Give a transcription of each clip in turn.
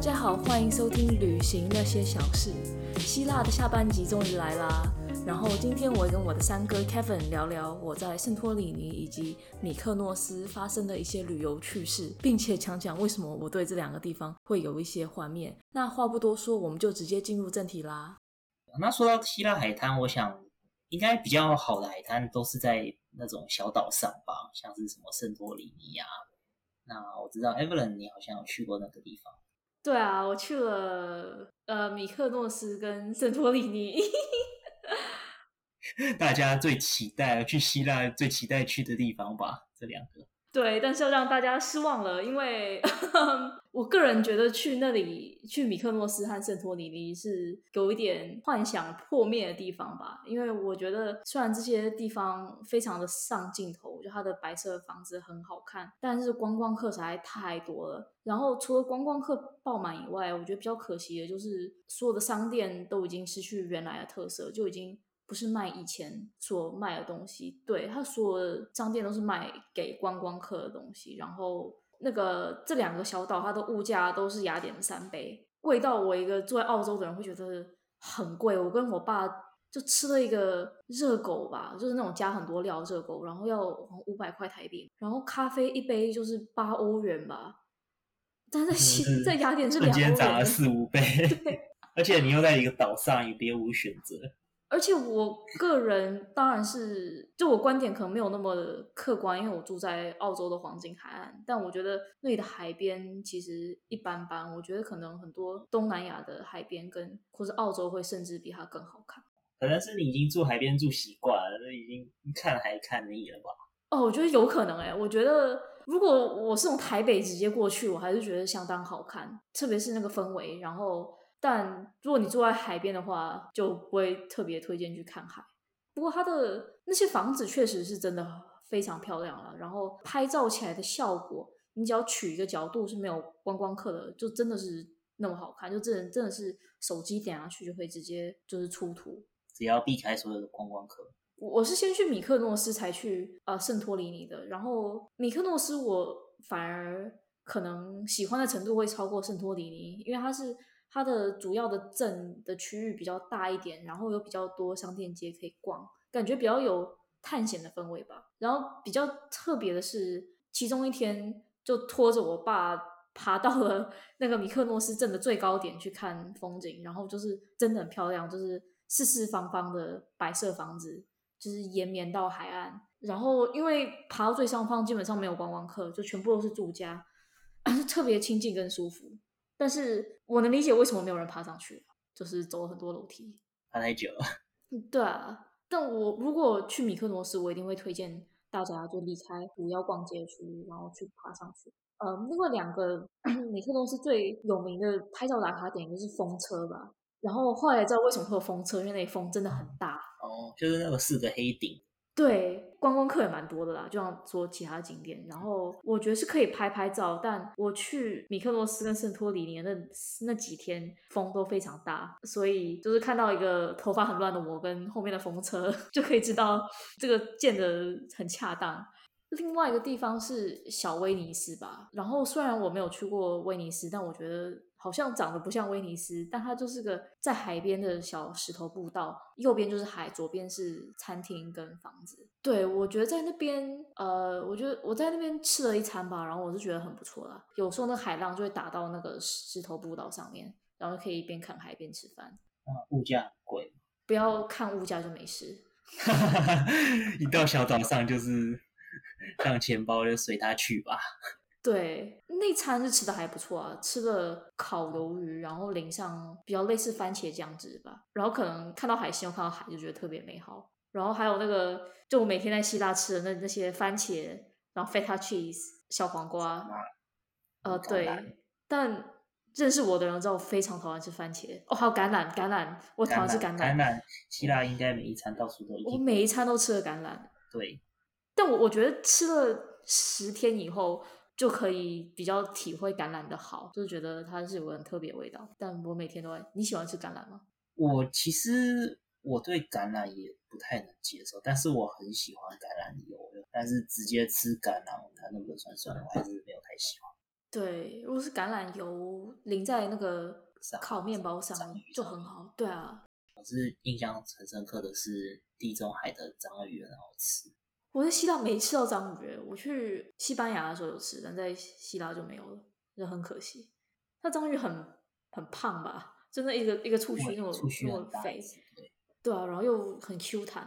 大家好，歡迎收聽《旅行那些小事》。希臘的下半集終於來啦！然後今天我跟我的三哥 Kevin 聊聊我在聖托里尼以及米克諾斯發生的一些旅遊趣事，並且講講為什麼我對這兩個地方會有一些幻滅。那話不多說，我們就直接進入正題啦。那說到希臘海灘，我想應該比較好的海灘都是在那種小島上吧，像是什麼聖托里尼呀。那我知道 Evelyn 你好像有去過那個地方。對啊，我去了呃米克諾斯跟聖托里尼， 大家最期待去希臘最期待去的地方吧，這兩個。對，但是要讓大家失望了，因為呵呵我個人覺得去那裡，去米克諾斯和聖托里尼是有一點幻想破滅的地方吧。因為我覺得雖然這些地方非常的上鏡頭，就它的白色的房子很好看，但是觀光客實在太多了。然後除了觀光客爆滿以外，我覺得比較可惜的，就是所有的商店都已經失去原來的特色，就已經。不是賣以前所賣的東西，對，他所有的商店都是賣給觀光客的東西。然後那個這兩個小島，它的物價都是雅典的三倍，貴到我一個住在澳洲的人會覺得很貴。我跟我爸就吃了一個熱狗吧，就是那種加很多料的熱狗，然後要五百塊台幣，然後咖啡一杯就是八歐元吧。但是在雅典是兩歐元，漲了四五倍。對，而且你又在一個島上，也別無選擇。而且我個人當然是，就我觀點可能沒有那麼的客觀，因為我住在澳洲的黃金海岸，但我覺得那裡的海邊其實一般般。我覺得可能很多東南亞的海邊跟或者澳洲會甚至比它更好看。可能是你已經住海邊住習慣了，已經看海看膩了吧？哦，我覺得有可能誒、欸、我覺得如果我是從台北直接過去，我還是覺得相當好看，特別是那個氛圍，然後。但如果你住在海邊的話，就不會特別推薦去看海。不過它的那些房子確實是真的非常漂亮了，然後拍照起來的效果，你只要取一個角度是沒有觀光客的，就真的是那麼好看，就真的真的是手機點下去就可以直接就是出圖。只要避開所有的觀光客。我是先去米克諾斯才去呃聖托里尼的，然後米克諾斯我反而可能喜歡的程度會超過聖托里尼，因為它是。它的主要的鎮的區域比較大一點，然後有比較多商店街可以逛，感覺比較有探險的氛圍吧。然後比較特別的是，其中一天就拖着我爸爬到了那個米克諾斯鎮的最高點去看風景，然後就是真的很漂亮，就是四四方方的白色房子，就是延綿到海岸。然後因為爬到最上方基本上沒有觀光客，就全部都是住家，特別清靜跟舒服。但是我能理解為什麼沒有人爬上去。啊，就是走了很多樓梯，爬，啊、太久了。了、嗯、對啊。但我如果去米克諾斯，我一定會推薦大家就離開不要逛街區，然後去爬上去。呃、嗯，另外兩個，個米克諾斯最有名的拍照打卡點就是風車吧。然後後來知道為什麼會有風車，因為那裡風真的很大，嗯。哦，就是那個四個黑頂。對，觀光客也蠻多的啦，就像說其他的景點。然後我覺得是可以拍拍照，但我去米克諾斯跟聖托里尼那那幾天風都非常大，所以就是看到一個頭髮很亂的我跟後面的風車，就可以知道這個建的很恰當。另外一個地方是小威尼斯吧。然後雖然我沒有去過威尼斯，但我覺得。好像長得不像威尼斯，但它就是個在海邊的小石頭步道，右邊就是海，左邊是餐廳跟房子。對，我覺得在那邊，呃，我覺得我在那邊吃了一餐吧，然後我是覺得很不錯啦。有時候那海浪就會打到那個石頭步道上面，然後可以一邊看海一邊吃飯。啊，物價很貴，不要看物價就沒事。 一到小島上就是讓錢包就隨它去吧。對，那餐是吃的還不錯啊，吃了烤魷魚，然後淋上比較類似番茄醬汁吧，然後可能看到海鮮又看到海，就覺得特別美好。然後還有那個，就我每天在希臘吃的那那些番茄，然後 feta cheese 小黃瓜，嗯、呃，對。但認識我的人知道我非常討厭吃番茄哦，還有橄欖，橄欖，我討厭吃橄、橄欖。橄欖，希臘應該每一餐到處都有。我每一餐都吃了橄欖。對，但我我覺得吃了十天以後。就可以比較體會橄欖的好，就是覺得它是有個很特別味道。但我每天都會，你喜歡吃橄欖嗎？我其實我對橄欖也不太能接受，但是我很喜歡橄欖油。但是直接吃橄欖，它那個酸酸的，我還是沒有太喜歡。對，如果是橄欖油淋在那個烤麵包上，就很好。對啊，我是印象很深刻的是地中海的章魚很好吃。我在希臘沒吃到章魚，我去西班牙的時候有吃，但在希臘就沒有了，就很可惜。那章魚很很胖吧？真的一個一個觸鬚那麼、嗯、那麼肥對，對啊，然後又很 Q 彈。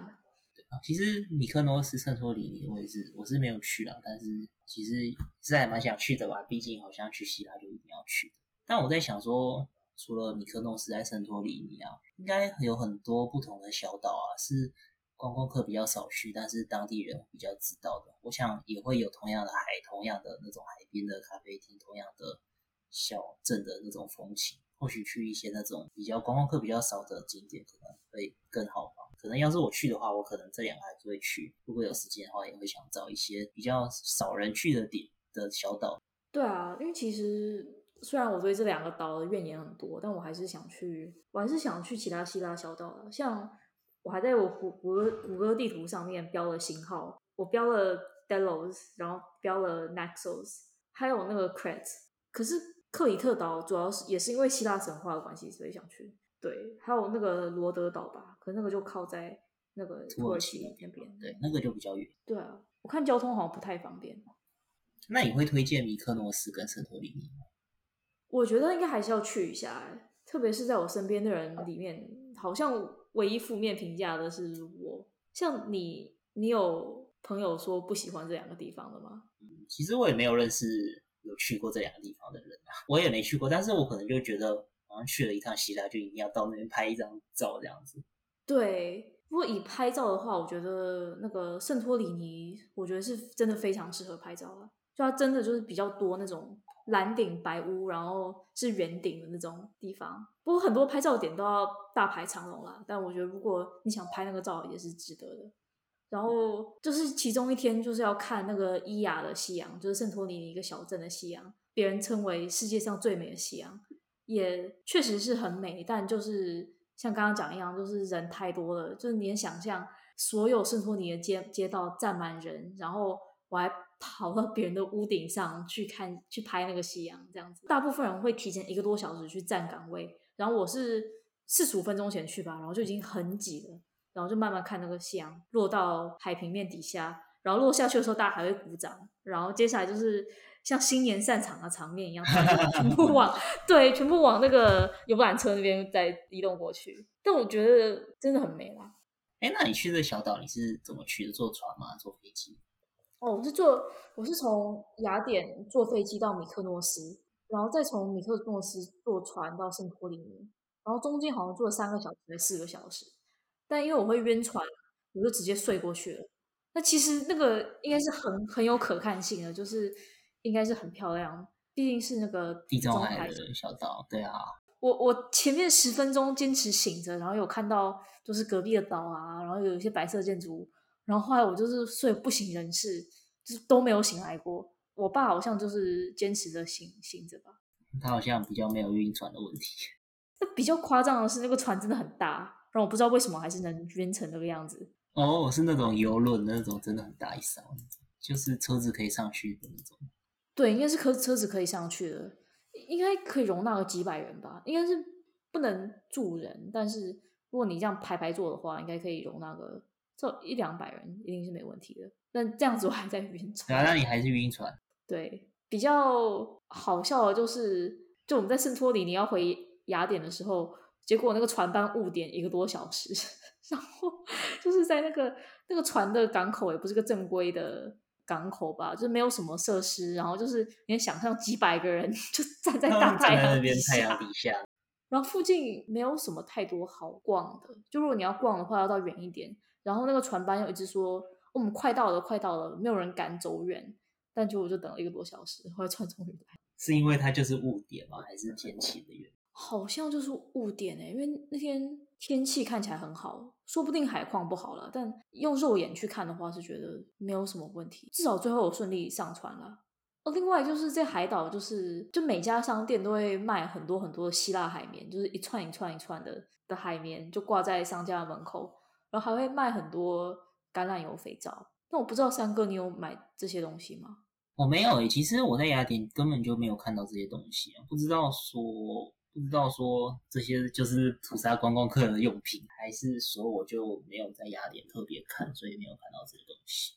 對啊，其實米克諾斯、聖托里尼的位置，我也是我是沒有去啦，但是其實是還蠻想去的吧，畢竟好像去希臘就一定要去。但我在想說，除了米克諾斯在聖托里尼啊，應該有很多不同的小島啊，是。觀光客比較少去，但是當地人比較知道的。我想也會有同樣的海，同樣的那種海邊的咖啡廳，同樣的小鎮的那種風情。或許去一些那種比較觀光客比較少的景點，可能會更好吧。可能要是我去的話，我可能這兩個還是會去。如果有時間的話，也會想找一些比較少人去的點的小島。對啊，因為其實雖然我對這兩個島的怨言很多，但我還是想去，我還是想去其他希臘小島的，像。我還在我谷谷歌地圖上面標了星號，我標了 Delos，然後標了 Naxos，還有那個 Crete。可是克里特島主要是也是因為希臘神話的關係，所以想去。對，還有那個羅德島吧，可是那個就靠在那個土耳其那邊，對，那個就比較遠。對啊，我看交通好像不太方便。那你會推薦米克諾斯跟聖托里尼嗎？我覺得應該還是要去一下，特別是在我身邊的人裡面，好，好像。唯一負面評價的是我，像你，你有朋友說不喜歡這兩個地方的嗎？嗯，其實我也沒有認識有去過這兩個地方的人啊，我也沒去過，但是我可能就覺得好像去了一趟希臘，就一定要到那邊拍一張照這樣子。對，不過以拍照的話，我覺得那個聖托里尼，我覺得是真的非常適合拍照了啊，就它真的就是比較多那種。藍頂白屋，然後是圓頂的那種地方，不過很多拍照點都要大排長龍啦。但我覺得如果你想拍那個照，也是值得的。然後就是其中一天就是要看那個伊亞的夕陽，就是聖托尼一個小鎮的夕陽，別人稱為世界上最美的夕陽，也確實是很美。但就是像剛剛講一樣，就是人太多了，就是你能想象所有聖托尼的街街道站滿人，然後。我還跑到別人的屋頂上去看，去拍那個夕陽，這樣子。大部分人會提前一個多小時去站崗位，然後我是四十五分鐘前去吧，然後就已經很擠了，然後就慢慢看那個夕陽落到海平面底下，然後落下去的時候，大家還會鼓掌，然後接下來就是像新年散場的場面一樣，全部往 對，全部往那個遊覽車那邊再移動過去。但我覺得真的很美啦。哎，那你去這個小島你是怎麼去的？坐船嗎？坐飛機？哦，我是坐，我是從雅典坐飛機到米克諾斯，然後再從米克諾斯坐船到聖托里尼，然後中間好像坐了三個小時還是四個小時，但因為我會暈船，我就直接睡過去了。那其實那個應該是很很有可看性的，就是應該是很漂亮，畢竟是那個中地中海的小島，對啊。我我前面十分鐘堅持醒着，然後有看到就是隔壁的島啊，然後有一些白色建築物。然後後來我就是睡不省人事，就是都沒有醒來過。我爸好像就是堅持着醒醒着吧。他好像比較沒有暈船的問題。那比較誇張的是，那個船真的很大，然後我不知道為什麼還是能暈成那個樣子。哦，是那種遊輪的那種，真的很大一艘，就是車子可以上去的那種。對，應該是可車子可以上去的，應該可以容納個幾百人吧。應該是不能住人，但是如果你這樣排排坐的話，應該可以容納個。就一兩百人一定是沒問題的，那這樣子我還在暈船。嗯、啊，那你還是暈船。對，比較好笑的就是，就我們在聖托里尼你要回雅典的時候，結果那個船班誤點一個多小時， 然後就是在那個那個船的港口也不是個正規的港口吧，就是沒有什麼設施，然後就是你想象幾百個人就站在大太陽底下。 然後附近沒有什麼太多好逛的，就如果你要逛的話，要到遠一點。然後那個船班，又一直說、哦、我們快到了，快到了，沒有人敢走遠，但就我就等了一個多小時，後來船終於來。是因為它就是誤點嗎？還是天氣的原因？好像就是誤點誒、欸、因為那天天氣看起來很好，說不定海況不好了，但用肉眼去看的話是覺得沒有什麼問題，至少最後我順利上船了。哦，另外就是在海島，就是就每家商店都會賣很多很多希臘海綿，就是一串一串一串的的海綿，就掛在商家的門口，然後還會賣很多橄欖油肥皂。那我不知道三哥你有買這些東西嗎？我沒有誒、欸，其實我在雅典根本就沒有看到這些東西、啊，不知道說不知道說這些就是屠殺觀光客的用品，還是說我就沒有在雅典特別看，所以沒有看到這些東西。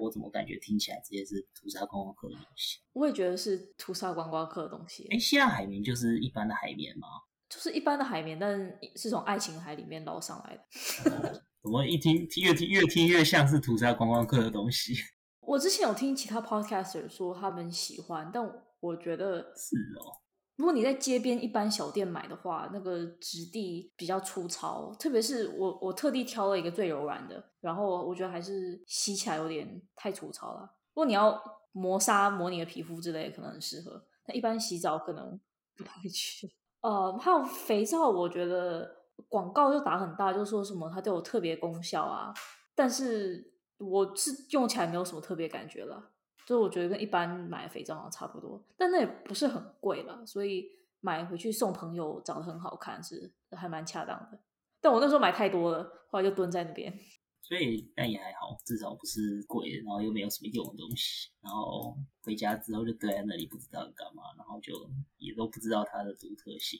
我怎麼感覺聽起來直接是屠殺觀光客的東西？我也覺得是屠殺觀光客的東西。哎、欸，希臘海綿就是一般的海綿嗎？就是一般的海綿，但是從愛琴海裡面撈上來的。 嗯、怎麼一聽越聽越聽越像是屠殺觀光客的東西？我之前有聽其他 podcaster 說他們喜歡，但我覺得是哦。如果你在街邊一般小店買的話，那個質地比較粗糙，特別是我我特地挑了一個最柔軟的，然後我覺得還是洗起來有點太粗糙了。如果你要磨砂磨你的皮膚之類，可能很適合，但一般洗澡可能不太會去。 呃，還有肥皂，我覺得廣告就打很大，就說什麼它都有特別功效啊，但是我是用起來沒有什麼特別感覺了。就我覺得跟一般買的肥皂好像差不多，但那也不是很貴了，所以買回去送朋友長得很好看，是還蠻恰當的。但我那時候買太多了，後來就蹲在那邊。所以但也還好，至少不是貴，然後又沒有什麼用的東西，然後回家之後就堆在、啊、那裡不知道幹嘛，然後就也都不知道它的獨特性。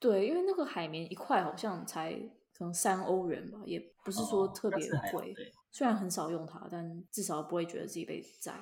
對，因為那個海綿一塊好像才可能三歐元吧，也不是說特別貴。哦、對，雖然很少用它，但至少不會覺得自己被宰。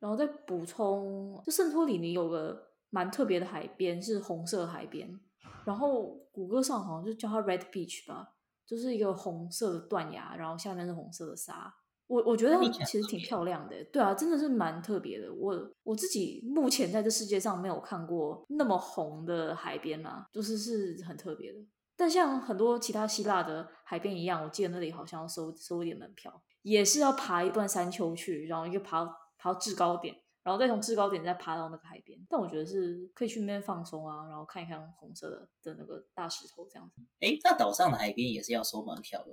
然後再補充，就聖托里尼有個蠻特別的海邊，是紅色的海邊。然後谷歌上好像就叫它 Red Beach 吧,就是一個紅色的斷崖，然後下面是紅色的沙。我我覺得它其實挺漂亮的，對啊，真的是蠻特別的。我我自己目前在這世界上沒有看過那麼紅的海邊啦，就是是很特別的。但像很多其他希臘的海邊一樣，我記得那裡好像要收收一點門票，也是要爬一段山丘去，然後又爬，爬制高點，然後再從制高點再爬到那個海邊。但我覺得是可以去那邊放鬆啊，然後看一看紅色的的那個大石頭這樣子。誒，那島上的海邊也是要收門票的，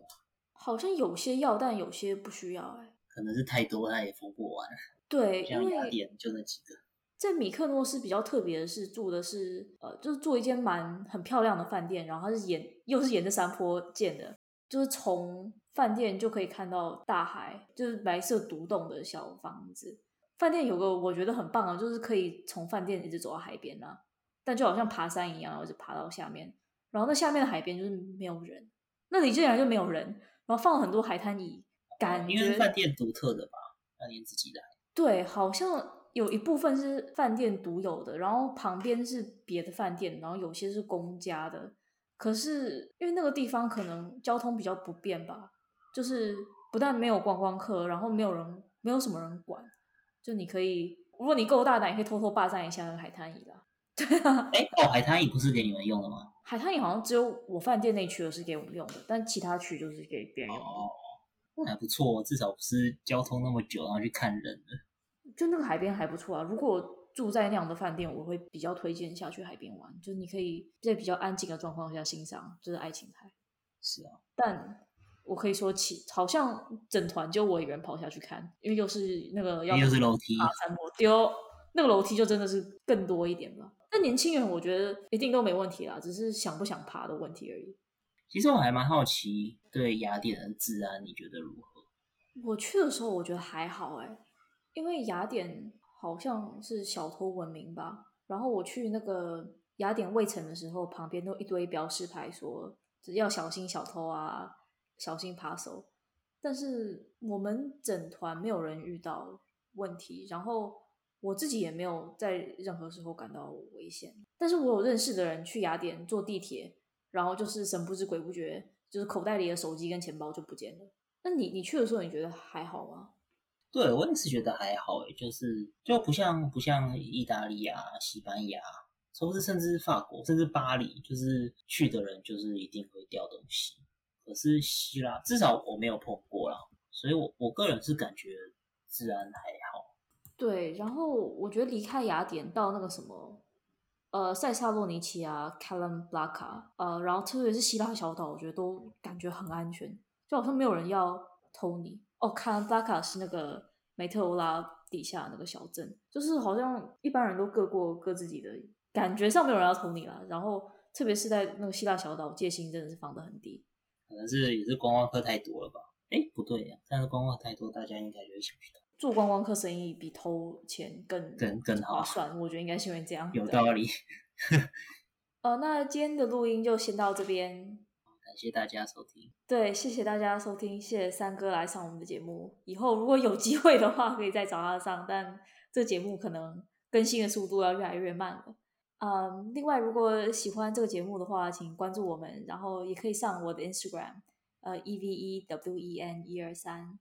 好像有些要，但有些不需要、欸。哎，可能是太多，他也分不完。對，為雅典就那幾個。在米克諾斯比較特別的是住的是呃，就是住一間蠻很漂亮的飯店，然後它是沿又是沿着山坡建的。就是從飯店就可以看到大海，就是白色獨棟的小房子。飯店有個我覺得很棒啊，就是可以從飯店一直走到海邊啊，但就好像爬山一樣，我就爬到下面。然後那下面的海邊就是沒有人，那裡竟然就沒有人，然後放了很多海灘椅，嗯、感覺因為飯店獨特的吧？飯店自己的？對，好像有一部分是飯店獨有的，然後旁邊是別的飯店，然後有些是公家的。可是因為那個地方可能交通比較不便吧，就是不但沒有觀光客，然後沒有人，沒有什麼人管，就你可以，如果你夠大膽，你可以偷偷霸占一下那個海灘椅的。對 啊、欸，哎、哦，海灘椅不是給你們用的嗎？海灘椅好像只有我飯店那區的是給我們用的，但其他區就是給別人用的。哦，還不錯，至少不是交通那麼久然後去看人的、嗯、就那個海邊還不錯啊，如果。住在那樣的飯店，我會比較推薦下去海邊玩，就是你可以在比較安靜的狀況下欣賞，就是愛琴海。是啊，但我可以說起，好像整團就我一個人跑下去看，因為又是那個要又是樓梯啊，三摩丟那個樓梯就真的是更多一點了。但年輕人我覺得一定都沒問題啦，只是想不想爬的問題而已。其實我還蠻好奇，對雅典的治安你覺得如何？我去的時候我覺得還好哎、欸，因為雅典。好像是小偷聞名吧。然後我去那個雅典衛城的時候，旁邊都一堆標示牌說，只要小心小偷啊，小心扒手。但是我們整團沒有人遇到問題，然後我自己也沒有在任何時候感到危險。但是我有認識的人去雅典坐地鐵，然後就是神不知鬼不覺，就是口袋裡的手機跟錢包就不見了。那你你去的時候，你覺得還好嗎？對，我也是覺得還好哎，就是就不像不像意大利啊、西班牙，甚至甚至是法國，甚至巴黎，就是去的人就是一定會掉東西。可是希臘至少我沒有碰過啦，所以我我個人是感覺治安還好。對，然後我覺得離開雅典到那個什麼，呃，塞薩洛尼奇啊、卡蘭布拉卡，呃，然後特別是希臘小島，我覺得都感覺很安全，就好像沒有人要偷你。卡、哦、拉巴卡是那個梅特奧拉底下那個小鎮，就是好像一般人都各過各自己的，感覺上沒有人要偷你了。然後，特別是在那個希臘小島，戒心真的是放得很低。可能是也是觀光客太多了吧？哎，不對呀，但是觀光客太多，大家應該就想不到做觀光客生意比偷錢更更，更好算。我覺得應該是因為這樣，有道理。 呃，那今天的錄音就先到這邊。謝謝大家收聽。對，謝謝大家收聽，謝謝三哥來上我們的節目。以後如果有機會的話，可以再找他上，但這節目可能更新的速度要越來越慢了。嗯，另外如果喜歡這個節目的話，請關注我們，然後也可以上我的 Instagram，呃，E V E W E N 一二三。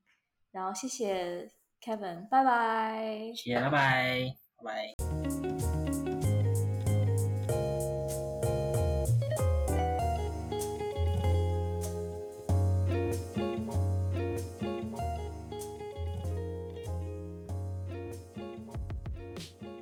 然後謝謝 Kevin，拜拜。謝謝，拜拜，拜拜。拜拜。